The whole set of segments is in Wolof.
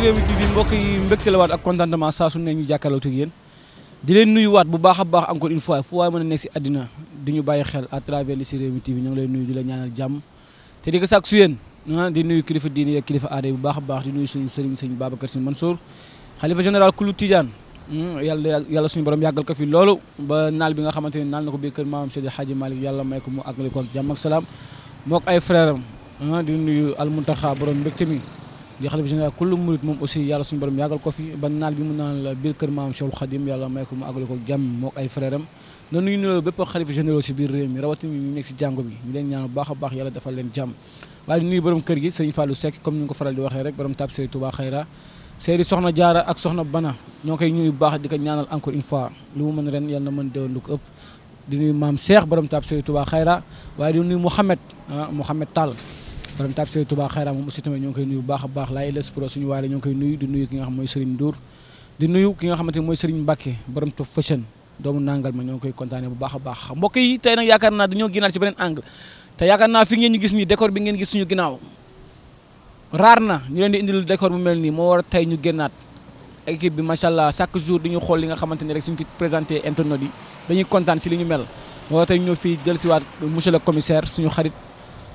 Rewmi TV mbokk yi mbégte la waat ak contentement saa su ne ñu jàkkaarloo ak yéen di leen waat bu baax a baax encore une fois fu waay mën a nekk si àddina di ñu bàyyi xel à travers li si Rewmi TV ñu ngi lay nuyu di la ñaanal jàmm te di ko sàkk su yéen ah, di nuyu kilifa diine ak kilifa aada yi bu baax a baax di nuyu suñu sëriñ sëñ Babacar Sy Mansour xalifa général kulu Tidiane hmm, yàlla yàlla suñu borom yàggal ko fi loolu ba naal bi nga xamante ne naal ko biir kër maamam Seydi yàlla may ko mu àggale ko ak jàmm ak mook ay frère am ah, di nuyu almuntaxa borom mbégte mi di xalifa général kullu murit moom aussi yàlla suñu borom yàggal ko fi ba naal bi mu naan biir kër maam Cheikhul Khadim yàlla may ko mu a baax yàlla defal leen jàmm waaye di nuyu borom kër gi comme ni nga ko faral di waxee rek borom ñoo koy ñuy baax di ko ñaanal encore une fois lu mu mën ren yàlla na mën déwén lu ko ëpp di nuyu maam Cheikh borom tab Serigne Touba Khayra waaye di borom taab Serigne Touba Xayra moom aussi tamit ñoo ngi koy nuyu bu baax a baax laay les pro suñu waare ñoo ngi koy nuyu di nuyu ki nga xam ma ñoo ngi koy kontaane bu baax a baax mbokk yi tey nag yaakaar naa dañoo génnaat ci beneen angle te yaakaar naa fi ngeen ñu gis nii décor bi ngeen gis suñu ginnaaw raar na ñu leen di indil décor bu mel nii moo war a tey ñu génnaat équipe bi macha chaque jour di xool li nga xamante ne rek suñu fi présenté internet yi dañuy ñu mel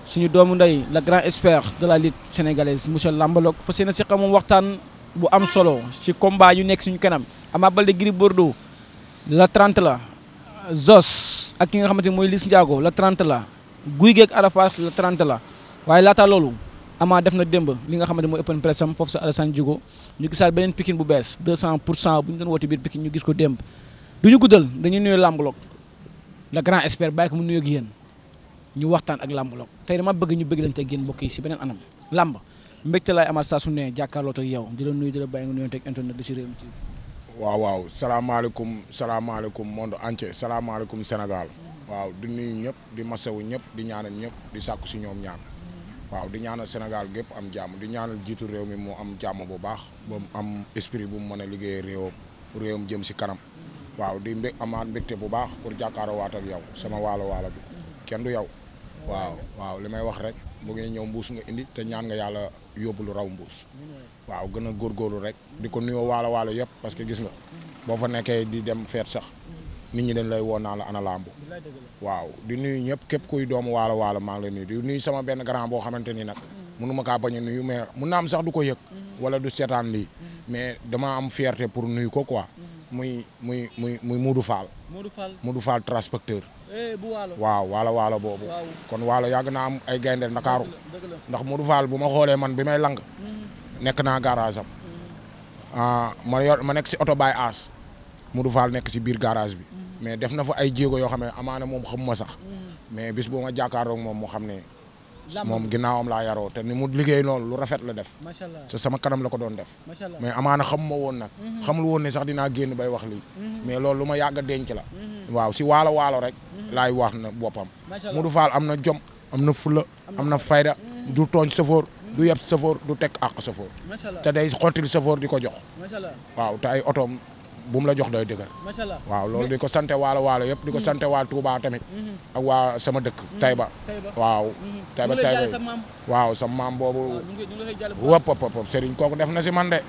suñu doomu ndey la grand expert de la lutte sénégalaise monsieur Lambalogue fas yéene seq moom waxtaan bu am solo ci combat yu nekk suñu kanam Ama Baldé Gris Bordeaux la 30 la Zos ak ki nga xamante ni mooy Liss Ndiago la 30 la Gouye Gui ak Arafas la 30 la waaye laataa loolu Ama def na démb li nga xamante mooy open press am foofu sa Alassane Diogo ñu gisaat beneen Pikine bu bees 200 pour cent bu ñu doon woote biir Pikine ñu gis ko démb du ñu guddal dañuy nuyu Lambalogue la grand expert bàyyi ko mu nuyoog yéen. ñu waxtaan ak làmb la tey dama bëgg ñu bëgg lañ teg génn mbokk yi si beneen anam làmb mbégte laay amaat saa su ne jàkkaarloo ak yow di la nuyu di la bàyyi nga nuyoon teg internet si réew waaw waaw salaamaaleykum salaamaaleykum monde entier salaamaaleykum Sénégal waaw di nuyu ñëpp di masawu ñëpp di ñaanal ñëpp di sàkku si ñoom ñaan waaw di ñaanal Sénégal gépp am jàmm di ñaanal jiitu réew mi mu am jàmm bu baax ba am esprit bu mu mën a liggéeyee réewam réewam jëm si kanam waaw di mbé amaat mbégte bu baax pour jàkkaaroo waat ak yow sama waalo waalo bi kenn du yow waaw waaw li may wax rek bu ngeen ñëw mbuus nga indi te ñaan nga yàlla yóbbu raw mbuus waaw gën a góor góorgóorlu rek di ko nuyoo waalo waalo yëpp parce que gis nga boo fa nekkee di dem feet sax nit ñi dañ lay woon naa la ana lamb waaw di nuyu ñëpp képp kuy doomu waalo waalo maa ngi lay nuyu di nuyu sama benn grand boo xamante ni nag mënuma kaa bañ a nuyu mais mu naa am sax du ko yëg wala du seetaan lii mais dama am fierté pour nuyu ko quoi muy muy muy muy Modou Fall Modou Fall transpecteur Eh, waaw waalo waalo boobu kon waalo yàgg naa am ay gaynde ndakaaru ndax Modou bu ma xoolee man bi may lang mm-hmm. nekk naa garage am mm-hmm. ah, ma yor ma nekk si oto baay aas Modou nekk si biir garage bi mm-hmm. mais def na fa ay jéego yoo xam ne amaana moom xamuma sax mais bis boo ma jàkkaaroog moom moo xam ne moom ginnaawam laa yaroo te ni mu liggéey loolu lu rafet la def te sama kanam la ko doon def mais amaana xamuma woon nag mhm. xamul woon ne sax dinaa génn bay wax lii mhm. mais loolu lu ma yàgg a denc la mhm. waaw si waalo waalo rek laay wax na boppam Modou Fall am na jom am na fula am na fayda du tooñ safoor du yeb safoor du teg àq safoor te day xottil safoor di ko jox waaw te ay otoom bu la jox doy dëgër waaw loolu di ko sante waalo waalo yëpp di ko mm-hmm. sante waa Touba tamit mm-hmm. ak waa sama dëkk mm-hmm. Taïba waaw Taïba Taïba waaw sa maam boobu wëpp wëpp wëpp Serigne kooku def na si man de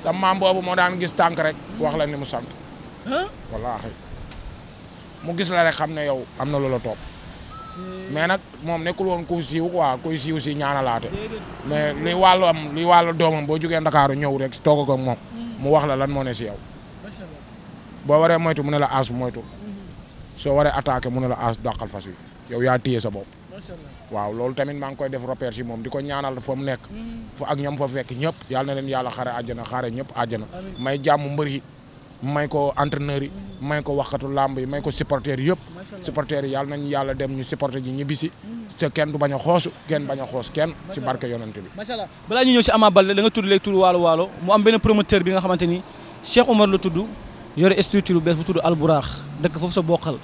sa maam boobu moo daan gis tànk rek waxla la ni mu sant mu gis la rek xam ne yow am na loola topp mais nag moom nekkul woon ku siiw quoi kuy siiw si ñaanalaate mais luy wàllu am luy wàllu doomam boo jógee Ndakaaru ñëw rek toog ko moom mu wax la lan moo ne si yow boo waree moytu mu ne la aas moytu soo waree attaqué mu ne la aas dàqal fas yi yow yaa téye sa bopp. waaw loolu tamit maa ngi koy def repère si moom di ko ñaanal fa mu nekk. Mm-hmm. fa ak ñam fa fekk ñëpp. yàlla na leen yàlla xare àjjana xare ñëpp àjjana. may jàmm mbër yi may ko entraîneur yi. Mm-hmm. may ko waxkatu làmb yi may ko supporters yëpp. supporters yi yàlla nañu yàlla dem ñu supporter ji ñibbisi. Mm-hmm. te kenn du bañ a xoosu kenn bañ a xoos kenn. si barke yonent bi. macha allah balaa ñu ñëw si Ama Baldé da nga tudd léegi tudd waalo waalo mu am benn promoteur bi nga xamante ni Cheikh Omar tudd. yore structure bu bees bu tudd alburaax dëkk foofu sa bokkal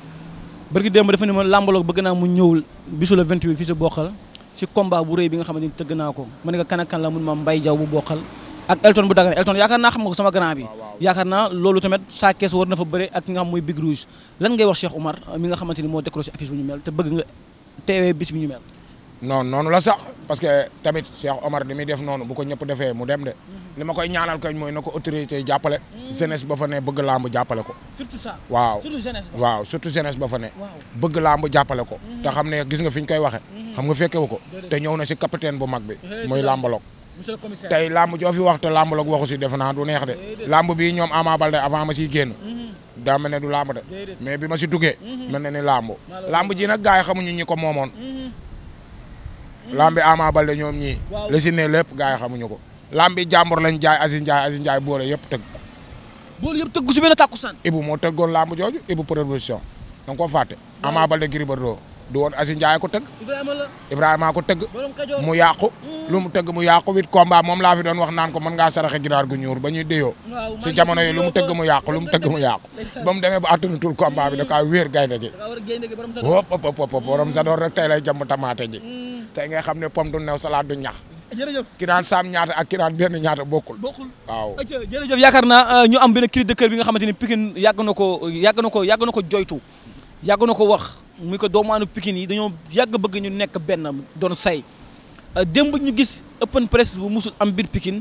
bërgi démb dafa ne ma làmbaloog bëgg naa mu ñëwul bisu le 28 fii sa bokkal si combat bu rëy bi nga xamante ni tëgg naa ko ma ne ko kan ak kan la mun ma mbay jaw bu bokkal ak Elton bu dagan Elton yaakaar naa xam nga ko sama grand bi yaakaar naa loolu tamit saa kees war na fa bëre ak nga xam mooy Big Rouge lan ngay wax Cheikh Oumar mi nga xamante ni moo décroché affiche bu ñu mel te bëgg nga teewee bis bi ñu mel la sax parce que tamit Cheikh Omar li muy def noonu bu ko ñëpp defee mu dem de. Mhm. li ma koy ñaanal kañ mooy na ko autorité jàppale. Mhm. jeunesse ba fa ne bëgg làmb jàppale ko. surtout ça waaw surtout jeunesse ba. waaw surtout ba ne. bëgg làmb jàppale ko. Mhm. te xam ne gis nga fi ñu koy waxee. xam nga fekkewu ko. te ñëw na si capitaine bu mag bi. muy làmbaloog. monsieur le tey làmb joo fi wax te làmbaloog waxu si def naa du neex de. làmb bii ñoom Ama Baldé avant ma siy génn. daa mel ne du làmb de. mais bi ma si duggee. mel na ni làmb. làmb ji nag gars yi xamuñu ñi ko moomoon lambi Ama Baldé ñoom ñii li si ne lépp gars xamuñu ko lambi jàmbur lañ jaay Aziz Ndiaye Aziz boole yëpp tëgg boole yëpp tëgg si benn tàkkusaan Ibou moo tëggoon lamb jooju Ibou production da nga ko fàtte Ama Baldé Gris Bordeaux du woon Aziz Ndiaye ko tëgg Ibrahima ko tëgg mu yàqu lu mu tëgg mu yàqu huit combat moom laa fi doon wax naan ko mën ngaa saraxe ginaar gu ñuur ba ñuy déyoo si jamono yi lu mu tëgg mu yàqu lu mu tëgg mu yàqu ba mu demee ba attanutul combat bi da kaa wéer gaynde gi wop rek tey lay jàmm tamaate te ngay xam ne pomme du new salade du ñax. jërëjëf ki daan saam ñaata ak ki daan benn ñaata bokkul. bokkul waaw. jërëjëf yaakaar naa euh, ñu am benn cri de bi nga xamante ni Pikine yàgg na ko yàgg na yàgg na ko joytu yàgg na ko wax muy ko doomaanu Pikine yi dañoo yàgg bëgg ñu nekk benn doon say euh, ba ñu gis open press bu musul am biir pikin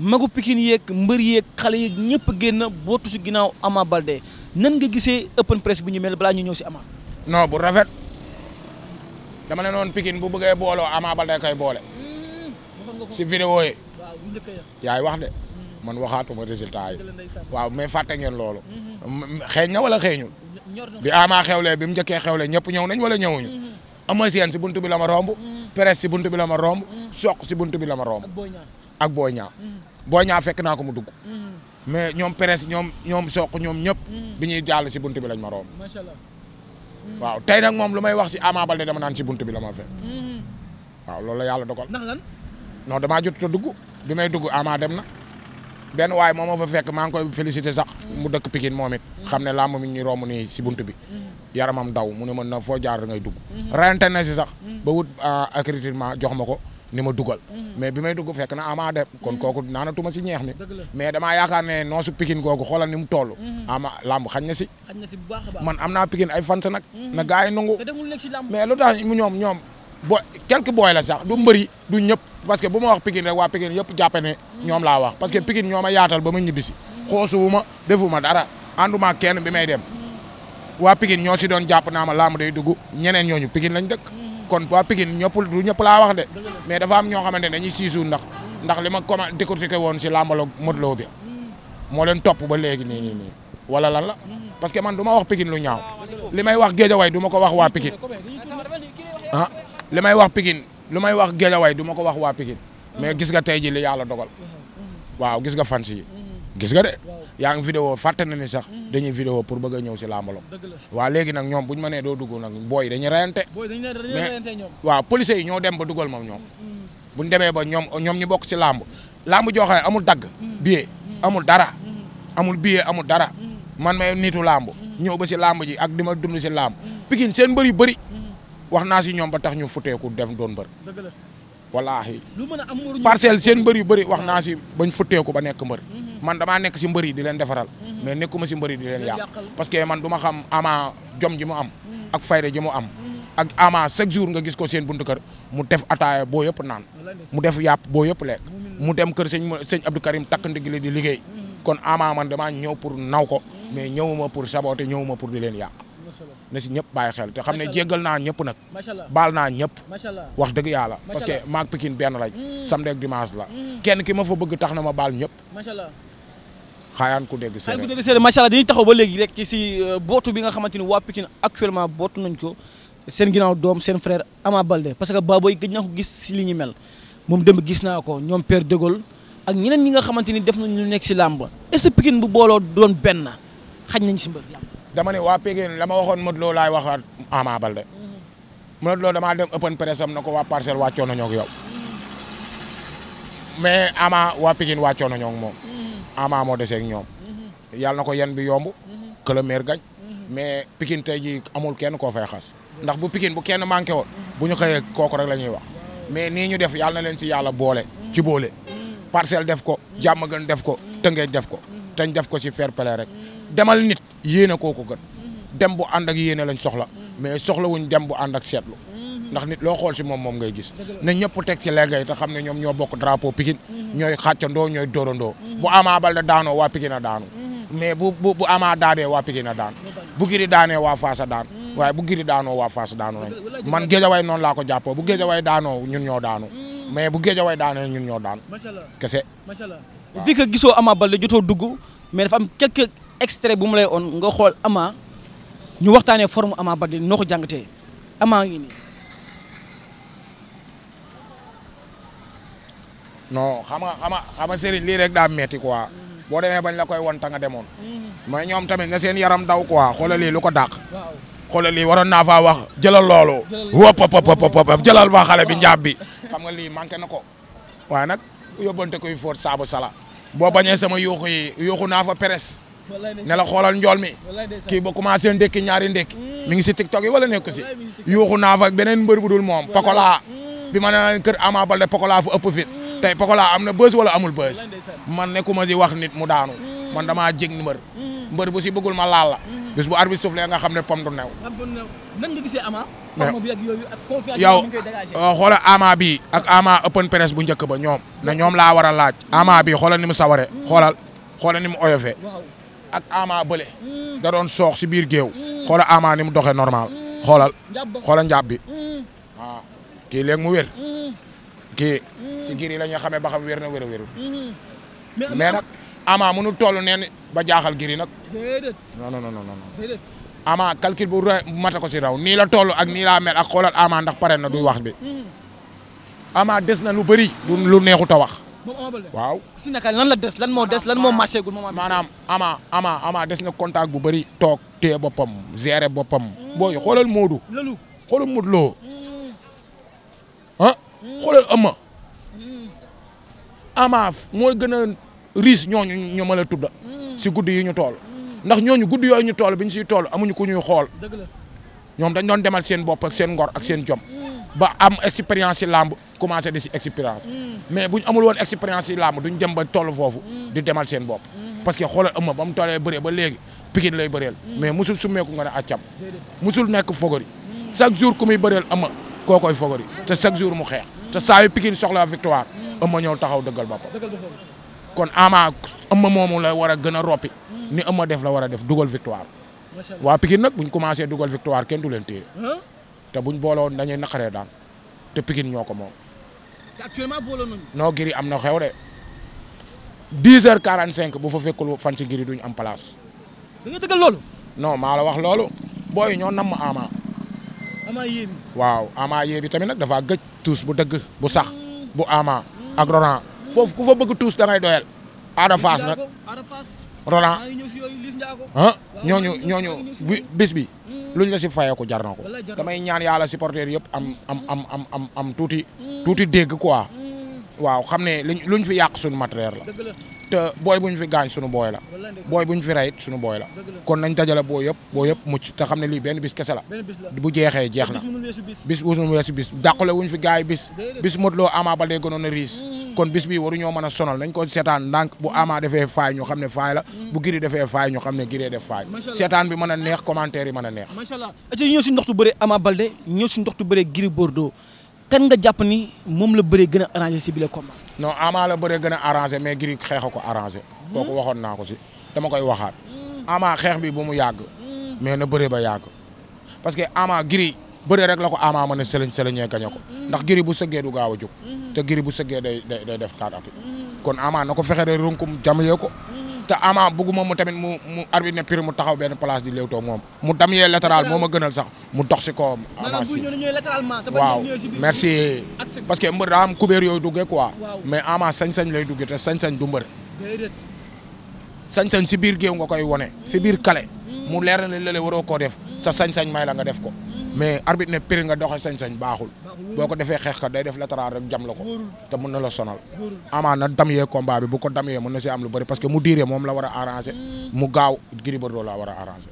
magu pikin yeeg mbër yeeg xale yeeg ñëpp génn bootu si ginnaaw Ama Baldé nan nga gisee open press bu ñu mel balaa ñu ñëw si Ama. non bu rafet. dama ne noonu Pikine bu bëggee booloo Ama Baldé koy boole. Hmm, si vidéo yi. yaay wax de. Hmm. man waxaatuma résultat yi. waaw mais fàtte ngeen loolu. Hmm. xeeñ na wala xeeñul. bi Ama xewlee bi mu njëkkee xewlee ñëpp ñëw nañ wala ñëwuñu. ama seen si buntu bi la ma romb. presse si buntu bila la ma romb. soq si buntu bi la ma romb. ak Boy Niang. Boy Niang fekk naa ko mu dugg. mais ñoom presse ñoom ñoom soq ñoom ñëpp. bi ñuy jàll si buntu bi lañ ma romb. waaw tey nag moom lu may wax si Ama Baldé dama naan si bunt bi la ma fekk. Mm-hmm. waaw loolu la yàlla dogal. ndax lan non damaa jot a dugg bi may dugg Ama dem na. benn waay moom moo fa fekk maa ngi koy félicité sax mm-hmm. mu dëkk Pikine moom it mm-hmm. xam ne làmb mi ñu romb nii si bunt bi yaramam daw mu ne mën na foo jaar ngay dugg rayante na si sax ba wut ah, accréditation jox ma ko ni ma dugal. Mhm. mais bi may dugg fekk na Ama dem. kon mhm. kooku naanatuma si ñeex mi. mais damaa yaakaar ne noosu pikin googu xoolal ni mu toll. Mhm. Ama lamb xañ na si. xañ bu baax a baax man am naa pikin ay fans nag. na gars yi mais lu ñoom ñoom. bo quelque booy la sax du mbëri du ñëpp parce que bu ma wax Pikine rek waa Pikine yëpp jàppe ne ñoom laa wax parce que Pikine ñoo yaatal ba ma ñibbisi xoosuwu ma defuma dara ànduma kenn bi may dem waa Pikine ñoo si doon jàpp naa ma laamu day dugg ñeneen ñooñu Pikine lañ dëkk kon waa Pikine ñëpp du ñëpp laa wax de mais dafa am ñoo xamante ne dañuy siisu ndax ndax li ma comment décortiqué woon si làmbalo Modou Lo bi moo leen topp ba léegi nii nii wala lan la parce que man du wax Pikine lu ñaaw li may wax Géejawaay du ma ko wax waa Pikine ah li may wax pikin lu may wax Géejawaay du ma ko wax waa Pikine mais gis nga tey ji li yàlla dogal waaw gis nga fans yi gis nga de yaa ngi vidéo fàtte na ni sax mm-hmm. dañuy vidéo pour bëgg a ñëw si làmbalom waa léegi nag ñoom bu ñu mënee doo dugg nag booy dañuy reyante mais waaw police yi ñoo dem ba dugal moom ñoom mm-hmm. bu ñu demee ba ñoom ñoom ñu bokk si làmb làmb joxee amul dagg mm-hmm. billet amul dara amul billet amul dara man may nitu làmb ñëw ba si làmb ji ak di ma dund si làmb Pikine seen mbëri bëri wax naa si ñoom ba tax ñu futteeku def doon mbër wallaahi parcelle seen mbër yu bëri wax naa si bañ futteeku ba nekk mbër man damaa nekk si mbëri yi di leen defaral mhm. mais nekkuma si mbër yi di leen yàq parce que man du ma xam ama jom ji mu am mhm. ak fayda mu am mhm. ak ama chaque jour nga gis ko seen buntu kër mu def ataaya boo yëpp naan mu def yàpp boo yëpp lekk mu dem kër sëñ sëñ Abdou Karim takk ndigli di liggéey kon ama man damaa ñëw pour naw ko mais ñëwuma pour saboter ñëwuma pour di leen yàq na si ñëpp bàyyi xel te xam ne jéggal naa ñëpp nag baal naa ñëpp wax dëgg yàlla parce que maag Pikine benn lañ samedi ak dimanche la kenn ki ma fa bëgg tax na ma baal ñëpp xaayaan ku dégg séeréer xaayaan ku dégg séeréer macha allah dañuy taxaw ba léegi rek si euh, bootu bi nga xamante ni waa Pikine actuellement bootu nañ ko seen ginnaaw doom seen frère Ama Baldé parce que Baboy gëj naa ko gis si li ñu mel moom dem gis naa ko ñoom Père de Gaulle ak ñeneen ñi nga xamante ni def nañ nekk si làmb est-ce que bu booloo doon benn xaj nañ si mbër dama ne waa Pikine la waxoon ma Lo laay waxaat Ama Baldé mm-hmm. Modou Lo damaa dem open press am na ko waa parcelle wàccoon nañoo ak yow mm-hmm. mais Ama waa Pikine wàccoon moom Ama moo deseeg ñoom yàlla na ko yan bi yomb que gañ mais Pikine tey jii amul kenn koo fay xas ndax bu Pikine bu kenn manqué woon bu ñu xëyee kooku rek la ñuy wax mais nii ñu def yàlla leen si yàlla boole ci boole parcelle def ko jàmm gën def ko tëngeej def ko tañ def ko si fair play rek demal nit yéene koo ko gën dem bu ànd ak yéene lañ soxla mais soxla wuñ dem bu ànd ak seetlu ndax nit loo xool si moom moom ngay gis ne ñëpp teg ci lengay te xam ne ñoom ñoo bokk drapeau Pikine mhm. ñooy xàccandoo ñooy dóorandoo mhm. bu Ama Baldé daanoo waa Pikine a daanu mhm. mais bu bu bu Ama daanee waa Pikine a daan bu Gris daanee waa Fass daan waaye bu Gris daanoo waa Fass daanu nañ man Guédiawaye noonu laa ko jàppoo bu Guédiawaye daanoo ñun ñoo daanu mais bu Guédiawaye daanee ñun ñoo daan kese di ko gisoo amaa Baldé jotoo dugg mais dafa am quelques extraits bu mu lay on nga xool amaa ñu waxtaanee forme Ama Baldé noo ko jàngatee amaa ngi nii no xam nga xam nga xam lii rek daa meti quoi mm-hmm. boo demee bañ la koy won ta nga demoon mm-hmm. mais ñoom tamit nga seen yaram daw quoi xoolal lii lu ko dàq li lii waroon naa faa wax jëlal loolu wop wop wop jëlal ba xale bi njaab bi xam nga lii manqué na ko waaye nag yóbbante koy fóot saabu sala boo bañee sama yuuxu yi yuuxu naa fa presse ne la xoolal njool mi ki ba commencé ndekki ñaari ndekki mm. mi ngi si tiktok yi wala nekku si yuuxu naa fa beneen mbër bu dul moom Pokola bi ma ne kër Ama Baldé Pokola fu tey pokolaa am na bës wala amul bës man nekkuma si wax nit mu daanu man damaa jég mbër mm. mbër bu si bëggul ma laala la mm. bis bu arbitre soufflé nga xam ne pom du new nan bi ak yooyu euh, xoola ama bi ak ama open press bu njëkk ba ñoom na ñoom laa war a laaj ama bi xoola ni mu saware mm. xoolal xoola ni mu oyofee ak ama bële da doon soox si biir géew xoola ama ni mu doxee normal xoolal xoola njàpp bi ah, kii léegi mu wér gée si giri la ñuy xamee ba xam wér na wér a wérul mm-hmm. mais nag ama mënul toll neen ba jaaxal giri nag non non non non ama calcul bu mata ko si raw nii la toll ak nii laa ak xoolal ama ndax pare na duy mm-hmm. wax bi mm-hmm. ama des na lu bëri lu neexut a wax waaw si naka lan la des lan moo des lan moo marché gul maanaam ama ama ama des na contact bu bari toog téye boppam gérer boppam booy xoolal Modou xoolal Modou Lo xoolal ama ama mooy gën a riche ñooñu ñu ma la tudda si guddi yi ñu tool ndax ñooñu guddi yooyu ñu tool bi ñu siy tool amuñu ku ñuy xool ñoom dañ doon demal seen bopp ak seen ngor ak seen jom ba am expérience si lamb commencé di si expérience mais bu ñu amul woon expérience si làmb duñ dem ba toll foofu di demal seen bopp parce que xoolal ëmma ba mu tollee bëree ba léegi Pikine lay bëreel mais musul summeeku nga ne accam musul nekk fogori chaque jour ku muy bëreel ko koy favori te chaque jour mu xeex te saa yu Pikine soxla victoire Eumeu ñëw taxaw dëggal boppam kon Ama Eumeu moomu la war a gën a roppi ni Eumeu def la war a def dugal victoire waa Pikine nag buñ commencé dugal victoire kenn du leen téye te buñ booloon dañuy naqaree daan te Pikine ñoo ko moom actuellement booloo giri am na xew de dix heures quarante cinq bu fa fekkul fan si giri duñ am place da maa la wax loolu booy ñoo namm Ama waaw ama yee bi tamit nag dafa gëj tuus bu dëgg bu sax bu ama ak Roland foofu ku fa bëgg tuus da ngay doyal Ada Fass nag Roland ah ñooñu ñooñu bis bi hmm. luñ la si fayee ku jar ko damay ñaan yàlla supporter yëpp am am am am am am tuuti tuuti dégg quoi hmm. waaw xam ne luñ fi yàq suñu matériel la te booy bu ñu fi gaañ sunu booy la booy bu ñu fi rayit sunu booy la kon nañ dajale boo yëpp boo yëpp mucc te xam ne lii benn bis kese la bu jeexee jeex na bis mënul weesu bis dàqale wuñ fi gaay bis bis motloo Ama Baldé gënoon a riis mm. kon bis bii waru ñoo mën a sonal nañ ko seetaan ndànk bu Ama defee faay ñu xam ne faay la mm. bu Gris defee faay ñu xam ne Gris def faay seetaan bi mën a neex commentaire yi mën a neex macha allah ñëw si ndoxtu bëre kan nga jàpp ni moom la bëree gën a arrangé si bile combat. non Ama la bëree gën a arrangé mais Gris xeex a ko arrangé. Hmm. kooku waxoon naa ko si dama koy waxaat. Hmm. Ama xeex bi bu mu yàgg. Hmm. mais na bëree ba yàgg parce que Ama Gris bëree rek la ko Ama mën a sëlëñ sëlëñee gañe ko ndax Gris bu sëggee du gaaw a jóg. te Gris bu sëggee day day def kaat api kon Ama na ko fexe rek runkum jàmmalee ko. te Ama bugguma mu tamit mu mu arbitre mu taxaw benn place di léewtoo moom mu dam yee latéral moo ma gënal sax mu dox si kawam. Ama Sy waaw merci parce que mbër daa am kubéer yooyu duggee quoi mais Ama sañ-sañ lay duggee te sañ-sañ du mbër sañ-sañ si biir géew nga koy wone si biir kale mu leer na la waroo koo def sa sañ-sañ may la nga def ko mais arbitre ne péri nga doxee sañ-sañ baaxul boo ko defee xeex ka day def latéral rek jam la ko te mun na la sonal amaa na dam yee combat bi bu ko dam yee mën na si am lu bari parce que mu diiree moom la war a arrangé mu gaaw Gris Bordeaux la war a arrangé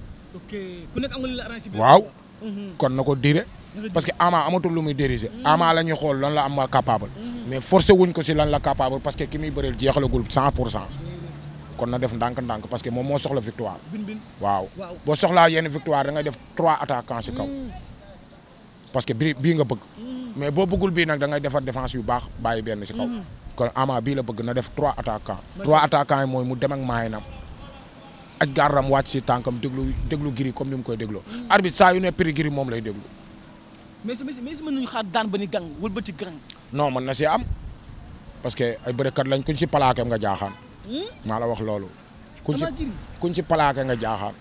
waaw mhm. kon na ko diire parce que ama amatul lu muy diriger ama la ñuy xool lan la am capable mais forcé wuñ ko si lan la capable parce que ki muy bëreel jeexalagul cent pour cent kon na def ndànk-ndànk parce que moom moo soxla victoire. waaw boo soxlaa yenn victoire da ngay def trois attaquants ci kaw. Mm. parce que bii bii nga bëgg. Mm. mais boo bëggul bii nag da ngay defar défense yu baax bàyyi benn ci kaw. Mm-hmm. kon Ama bii la bëgg na def trois attaquants. trois attaquants yi mooy mu dem ak maayinam. aj gardam wàcc ci tànkam déglu déglu giri comme ni mu koy dégloo. Mm. arbitre saa yu ne prix giri moom lay déglu. mais si mais si mën nañu xaar daan ba ni gang wëlbati gang. non mën na si am parce que ay bërekat lañ kuñ si palaakeem nga jaaxaan. maa la wax loolu. kuñ ci kuñ ci nga jaaxaar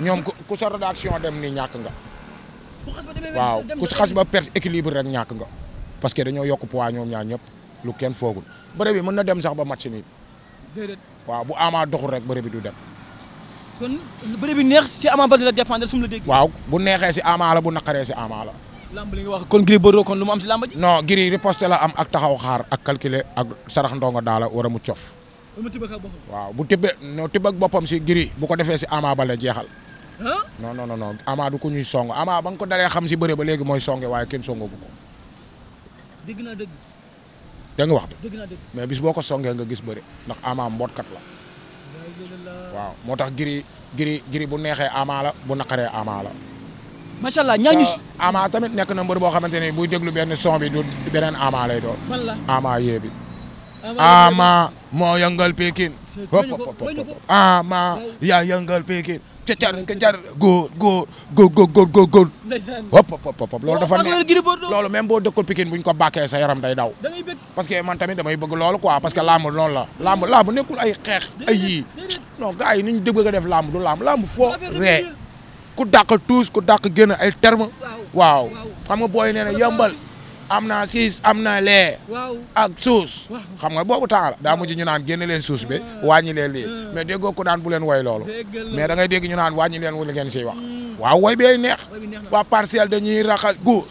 ñoom ku sa rédaction dem ni ñàkk nga. waaw ku xas ba perte équilibre rek ñàkk nga. parce que dañoo yokk poids ñoom ñaar ñëpp lu kenn foogul bëre bi mën na dem sax ba match nii. déedéet waaw bu Ama doxul rek bëre bi du dem. kon neex si Ama Baldé la dépendre su ma la dégg. waaw bu neexee si amaa la bu naqaree si Ama la. lamb wax kon Gris Bordeaux kon lu mu am si lamb la am ak taxaw xaar ak calculer ak sarax ndongo daala war mu cof. waaw bu tibbee noo tibb ak boppam si giri bu ko defee si Ama Baldé jeexal. non non non Ama du ko ñuy song Ama ba nga ko daree xam si bëre ba léegi mooy songe waaye kenn songagu ko. dégg naa dëgg. da wax bi mais bis boo ko songee nga gis bëre ndax Ama mbootkat la. waaw moo tax giri giri giri bu neexee Ama la bu naqaree Ama la. macha allah ñaañu si tamit nekk na mbër boo xamante ne buy déglu benn son bi du beneen Ama lay doon. Ama yee bi. ama moo yëngal Pikine ama yaa yëngal Pikine ca car ca car góor góor góor góor góor góor hop hop hop loolu dafa neex loolu même boo dëkkul Pikine buñ ko bàkkee sa yaram day daw parce que man tamit damay bëgg loolu quoi parce que làmb noonu la làmb làmb nekkul ay xeex ay yii non gars yi niñ dëgg a def làmb du làmb làmb foo ree ku dàq tuus ku dàq génn ay terme waaw xam nga booy nee na yëmbal am naa siis am na lee ak suus xam nga boobu temps la daa mujj ñu naan génne leen suus bi ah. wàññi leen lii ah. mais déggoo ko daan bu leen woy loolu mais da ngay dégg ñu naan wàññi leen wul ngeen siy wax hmm. waaw woy bi neex waa parcelle dañuy raxal gu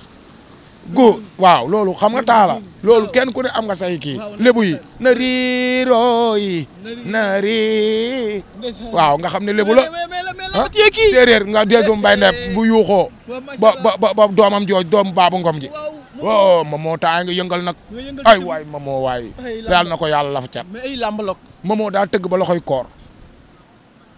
gu waaw loolu xam nga temps la hmm. loolu kenn ku ne am nga say kii lébu yi na riiroo waaw nga xam ne lébu la ah séeréer nga dégg mbay nepp bu yuuxoo ba doomam jooj doom baabu ngom ji waaw moo taa nga yëngal nag. ay waay ma Momo waay. yàlla na ko yàlla la fa cat. mais ay làmb lok. Momo daa tëgg ba loxoy koor.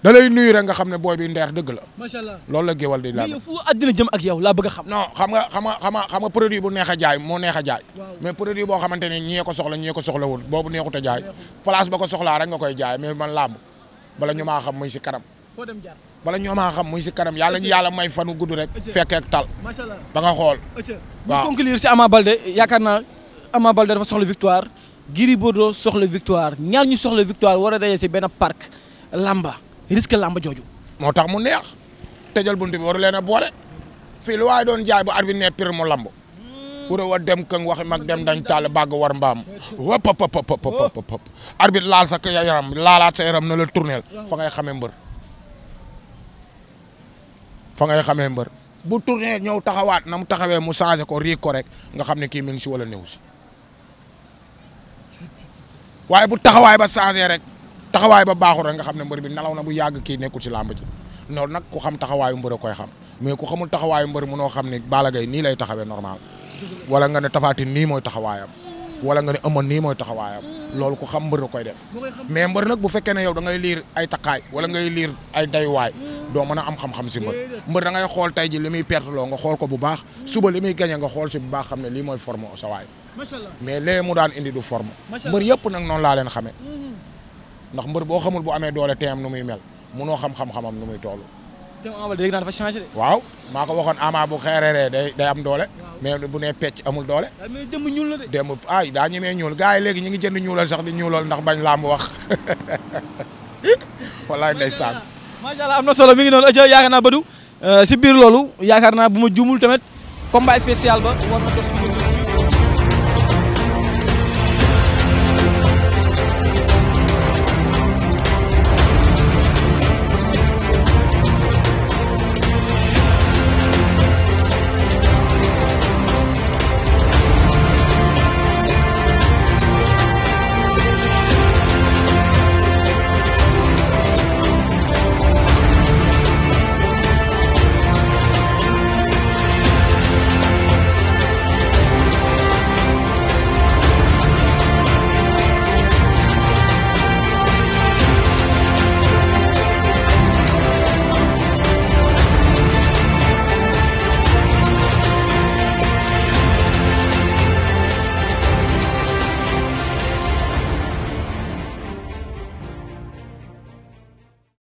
da lay nuyu rek nga xam ne booy bi ndeer dëgg la. macha allah loolu la géwal di. laaj fu àddina jëm ak yow laa bëgg a xam. non xam nga xam nga xam nga produit bu neex a jaay moo neex a jaay. mais produit boo xamante ne ñee ko soxla ñee ko soxlawul boobu neexut a jaay. place ba ko soxlaa rek nga koy jaay mais man laam bala ñu maa xam muy si kanam. foo dem jaar bala ñoo maa xam muy si kanam yàlla ñu yàlla may fanu gudd rek fekkee ak tal ba nga xool waaw ñu conclure si Ama Baldé yaakaar naa Ama Baldé dafa soxla victoire Gris Bordeaux soxla victoire ñaar ñu soxla victoire war a dajee si benn parc lamba risque lamba jooju moo tax mu neex tëjal bunt bi waru leen boole fii waaye doon jaay bu arbitre ne pir mu lamb wuro hmm. wa dem këng waxi mag dem dañ tàll bàgg war mbaam wëpp pëpp pëpp pëpp arbitre laal sa yaram laalaat sa la tourneel fa fa ngay xamee mbër bu tourné ñëw taxawaat na mu taxawee mu changé ko riig ko rek nga xam ne kii mi si wala néew si waaye bu taxawaay ba changé rek taxawaay ba baaxul rek nga xam ne mbër bi nalaw na bu yàgg kii nekkul si làmb ji noonu nag ku xam taxawaayu mbër a koy xam mais ku xamul taxawaayu mbër mu noo xam ne Balla Gaye nii lay taxawee normal wala nga ne Tapha Tine nii mooy taxawaayam wala nga ne amoon nii mooy taxawaayam mm. loolu ko xam mbër da koy def mais mbër nag bu fekkee ne yow da ngay liir ay takkaay wala ngay liir ay daywaay mm. doo mën a am xam-xam si mbër mbër da ngay xool tey ji li muy perte loo nga xool ko bu baax mm. suba li muy gañe nga xool si bu baax xam ne lii mooy forme sa waay mais lee mu daan indi du forme mbër yëpp nag noonu laa leen xamee mm-hmm. ndax mbër boo xamul bu amee doole teem nu muy mel munoo xam-xam-xamam nu muy toll te Ama Baldé dégg changé waaw maa ko waxoon Ama bu xeereeree day day am doole. mais bu nee pecc amul doole. mais démb ñuul la de. démb ay daa ñemee ñuul gars yi léegi ñu ngi jënd ñuulal sax di ñuulal ndax bañ làmb wax wallaay ndeysaan. macha allah am na solo mi ngi noonu rajo yaakaar naa Badou euh, si biir loolu yaakaar naa bu ma juumul tamit combat spécial ba